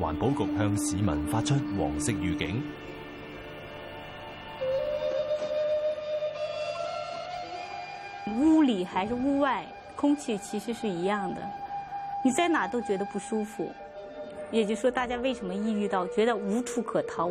環保局向市民發出黃色預警。屋裏還是屋外，空氣其實是一樣的，你在哪都覺得不舒服。也就是說，大家為什麼抑鬱到覺得無處可逃？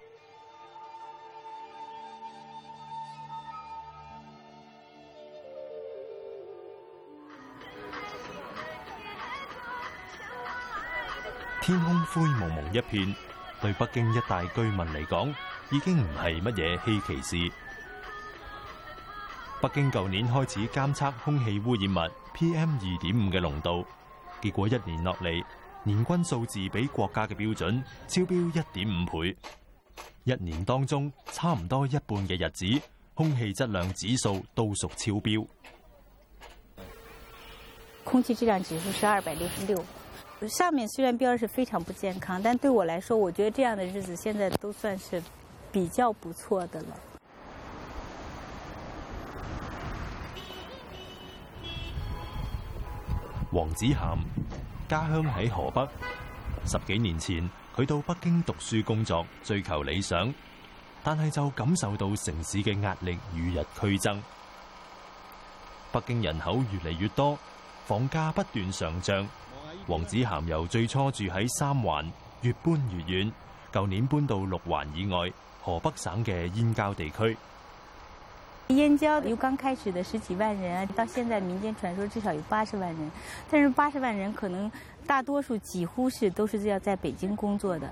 天空灰濛濛一片，對北京一帶居民嚟講，已經唔係乜嘢稀奇事。北京舊年開始監測空氣污染物 PM 二點五嘅濃度，結果一年落嚟，年均數字比國家嘅標準超標一點五倍。一年當中，差唔多一半嘅日子，空氣質量指數都屬超標。空氣質量指數是二百六十六。上面雖然標示非常不健康，但對我來說，我覺得這樣的日子現在都算是比較不錯的了。王子涵，家鄉喺河北，十幾年前佢到北京讀書工作，追求理想，但係就感受到城市嘅壓力與日俱增。北京人口越嚟越多，房價不斷上漲。王子涵由最初住喺三環，越搬越遠，舊年搬到六環以外，河北省嘅燕郊地區。燕郊由剛開始的十幾萬人啊，到現在民間傳說至少有八十萬人，但是八十萬人可能大多數幾乎是都是要在北京工作的。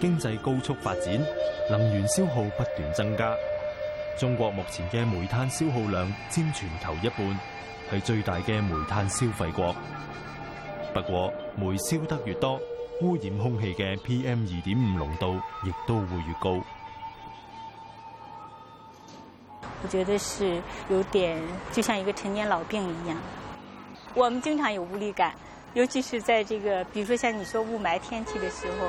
經濟高速發展，能源消耗不斷增加。中國目前嘅煤炭消耗量佔全球一半，係最大嘅煤炭消費國。不過，煤燒得越多，污染空氣嘅 PM 二點五濃度亦都會越高。我覺得是有點，就像一個陳年老病一樣。我們經常有無力感，尤其是在這個，比如說像你說霧霾天氣的時候。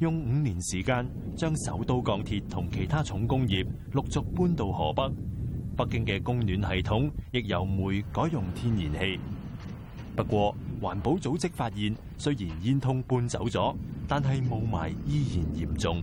用五年時間將首都鋼鐵同其他重工業陸續搬到河北，北，北京嘅供暖系統亦由煤改用天然氣。不過環保組織發現，雖然煙囪搬走咗，但係霧霾依然嚴重。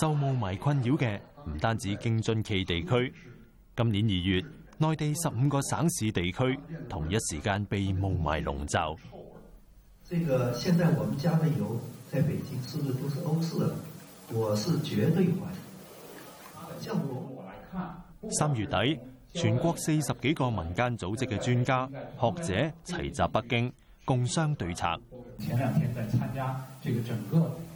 受霧霾困擾嘅唔單止京津冀地區，今年二月，內地十五個省市地區同一時間被霧霾籠罩。這個現在我們加的油在北京是不是都是歐四了？我是絕對懷疑。三月底，全國四十幾個民間組織嘅專家學者齊集北京，共商對策。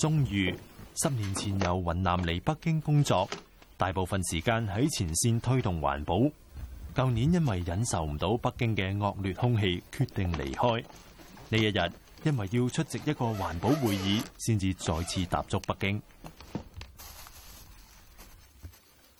鍾裕十年前由雲南嚟北京工作，大部分時間喺前線推動環保。舊年因為忍受唔到北京嘅惡劣空氣，決定離開。呢一日因為要出席一個環保會議，先至再次踏足北京。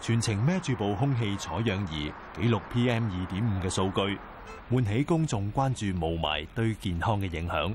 全程孭住部空氣採樣儀記錄 PM 二點五嘅數據，喚起公眾關注霧霾對健康嘅影響。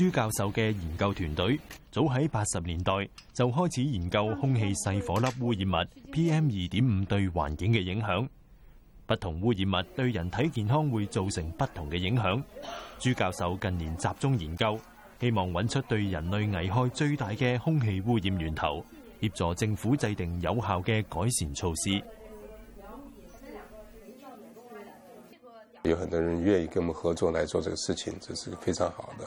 朱教授嘅研究團隊早喺八十年代就開始研究空氣細顆粒污染物 （PM 二點五）對環境嘅影響。不同污染物對人體健康會造成不同嘅影響。朱教授近年集中研究，希望揾出對人類危害最大嘅空氣污染源頭，協助政府制定有效嘅改善措施。有很多人願意跟我們合作來做這個事情，這、就是非常好的。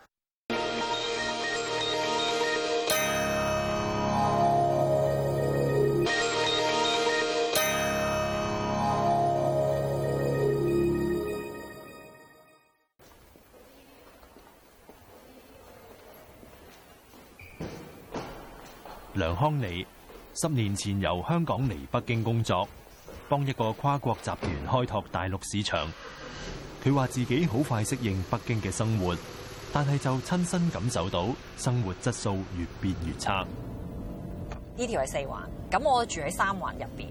梁康利十年前由香港嚟北京工作，幫一個跨國集團開拓大陸市場。佢話自己好快適應北京嘅生活，但係就親身感受到生活質素越變越差。呢條係四環，咁我住喺三環入邊，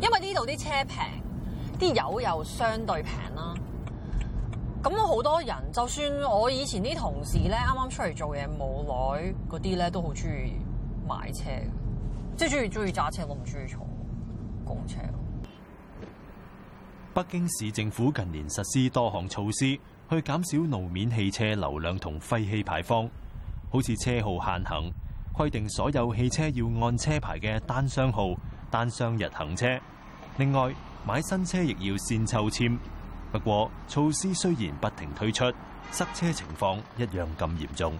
因為呢度啲車平，啲油又相對平啦。咁好多人，就算我以前啲同事咧，啱啱出嚟做嘢冇耐嗰啲咧，都好中意。買車嘅，即係中意中意揸車，我唔中意坐公車。北京市政府近年實施多項措施，去減少路面汽車流量同廢氣排放，好似車號限行，規定所有汽車要按車牌嘅單雙號單雙日行車。另外，買新車亦要先抽籤。不過，措施雖然不停推出，塞車情況一樣咁嚴重。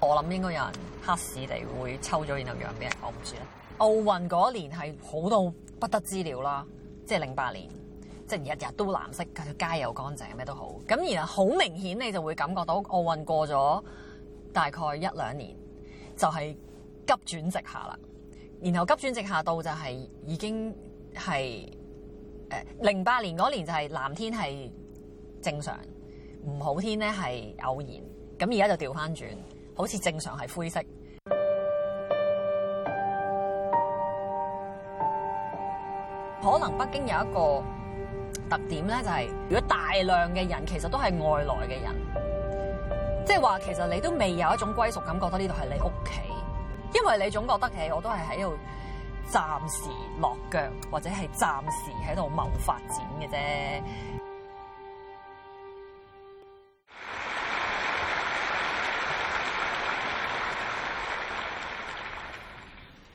我諗應該有人黑市地會抽咗，然後讓俾人，我唔知啦。奧運嗰年係好到不得之了啦，即係零八年，即係日日都藍色，佢街又乾淨，咩都好。咁然後好明顯，你就會感覺到奧運過咗大概一兩年，就係、是、急轉直下啦。然後急轉直下到就係已經係誒，零、呃、八年嗰年就係藍天係正常，唔好天咧係偶然。咁而家就調翻轉。好似正常係灰色，可能北京有一個特點咧，就係如果大量嘅人其實都係外來嘅人，即係話其實你都未有一種歸屬感，覺得呢度係你屋企，因為你總覺得其實我都係喺度暫時落腳，或者係暫時喺度謀發展嘅啫。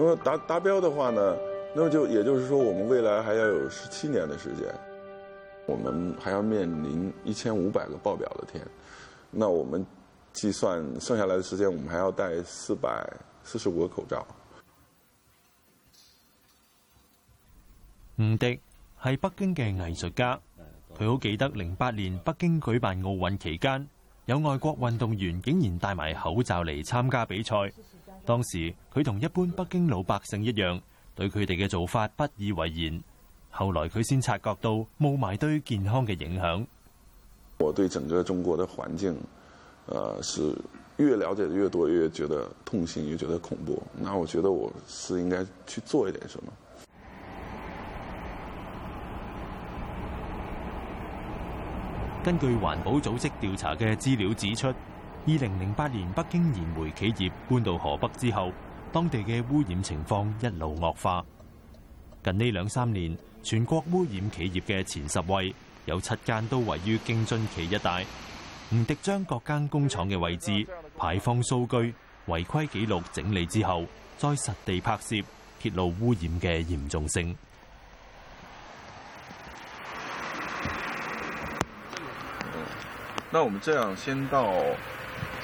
那麼達達標的話呢，那麼就也就是說，我們未來還要有十七年的時間，我們還要面臨一千五百個爆表的天。那我們計算剩下來的時間，我們還要戴四百四十五個口罩。吳迪係北京嘅藝術家，佢好記得零八年北京舉辦奧運期間，有外國運動員竟然戴埋口罩嚟參加比賽。當時佢同一般北京老百姓一樣，對佢哋嘅做法不以為然。後來佢先察覺到霧霾對健康嘅影響。我對整個中國的環境，呃，是越了解越多，越覺得痛心，越覺得恐怖。那我覺得我是應該去做一點什麼。根據環保組織調查嘅資料指出，二零零八年北京燃煤企業搬到河北之後，當地嘅污染情況一路惡化。近呢兩三年，全國污染企業嘅前十位有七間都位於京津冀一帶。吳迪將各間工廠嘅位置、排放數據、違規記錄整理之後，再實地拍攝，揭露污染嘅嚴重性。那我們這樣先到。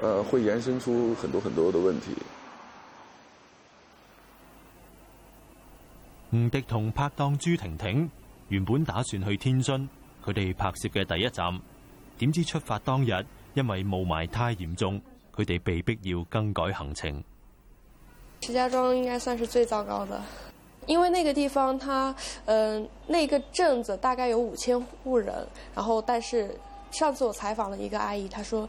呃，會延伸出很多很多的問題。吳迪同拍檔朱婷婷原本打算去天津，佢哋拍攝嘅第一站，點知出發當日因為霧霾太嚴重，佢哋被逼要更改行程。石家莊應該算是最糟糕的，因為那個地方它，它、呃，那個鎮子大概有五千戶人，然後，但是上次我採訪了一個阿姨，她說。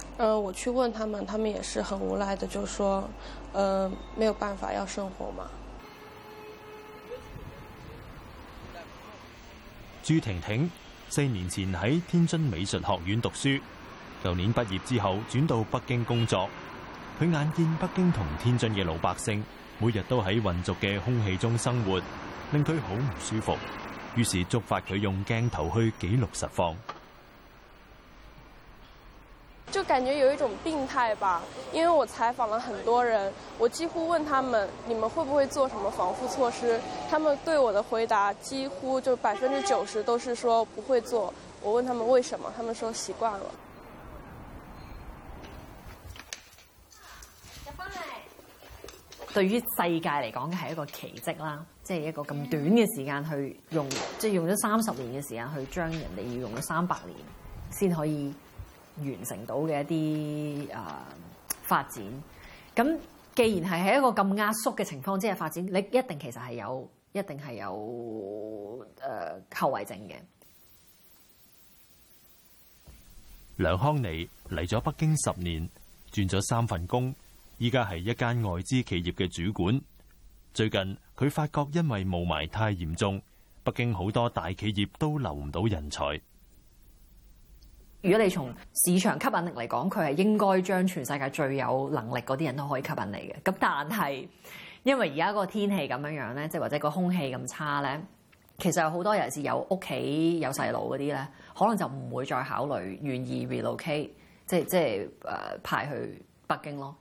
呃，我去問他們，他們也是很無奈的，就說，呃，沒有辦法要生活嘛。朱婷婷四年前喺天津美術學院讀書，舊年畢業之後轉到北京工作。佢眼見北京同天津嘅老百姓每日都喺渾濁嘅空氣中生活，令佢好唔舒服，於是觸發佢用鏡頭去記錄實況。就感覺有一種病態吧，因為我採訪了很多人，我幾乎問他們，你們會不會做什麼防護措施？他們對我的回答幾乎就百分之九十都是說不會做。我問他們為什麼，他們說習慣了。對於世界嚟講嘅係一個奇蹟啦，即係一個咁短嘅時間去用，即係用咗三十年嘅時間去將人哋要用咗三百年先可以完成到嘅一啲、呃、發展，咁既然係喺一個咁壓縮嘅情況之下發展，你一定其實係有，一定係有誒後遺症嘅。梁康妮嚟咗北京十年，轉咗三份工，依家係一間外資企業嘅主管。最近佢發覺因為霧霾太嚴重，北京好多大企業都留唔到人才。如果你從市場吸引力嚟講，佢係應該將全世界最有能力嗰啲人都可以吸引你嘅。咁但係因為而家個天氣咁樣樣咧，即係或者個空氣咁差咧，其實有好多尤其是有屋企有細路嗰啲咧，可能就唔會再考慮願意 relocate，即係即係誒派去北京咯。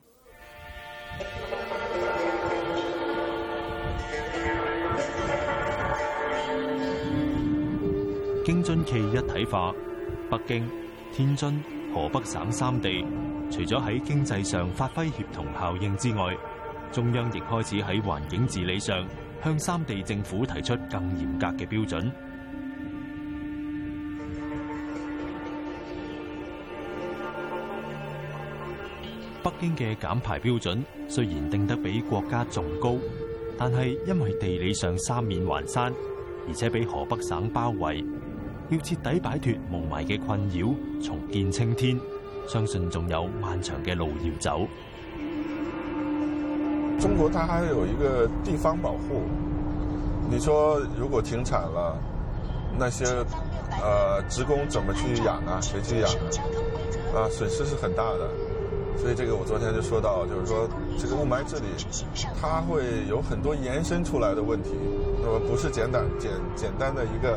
京津冀一體化，北京。天津、河北省三地，除咗喺經濟上發揮協同效應之外，中央亦開始喺環境治理上向三地政府提出更嚴格嘅標準。北京嘅減排標準雖然定得比國家仲高，但係因為地理上三面環山，而且被河北省包圍。要徹底擺脫霧霾嘅困擾，重見青天，相信仲有漫長嘅路要走。中國它還有一個地方保護，你說如果停產了，那些呃職工怎麼去養啊？誰去養啊？啊，損失是很大的。所以這個我昨天就說到，就是說，這個霧霾治理，它會有很多延伸出來的問題，那麼不是簡單簡簡單的一個。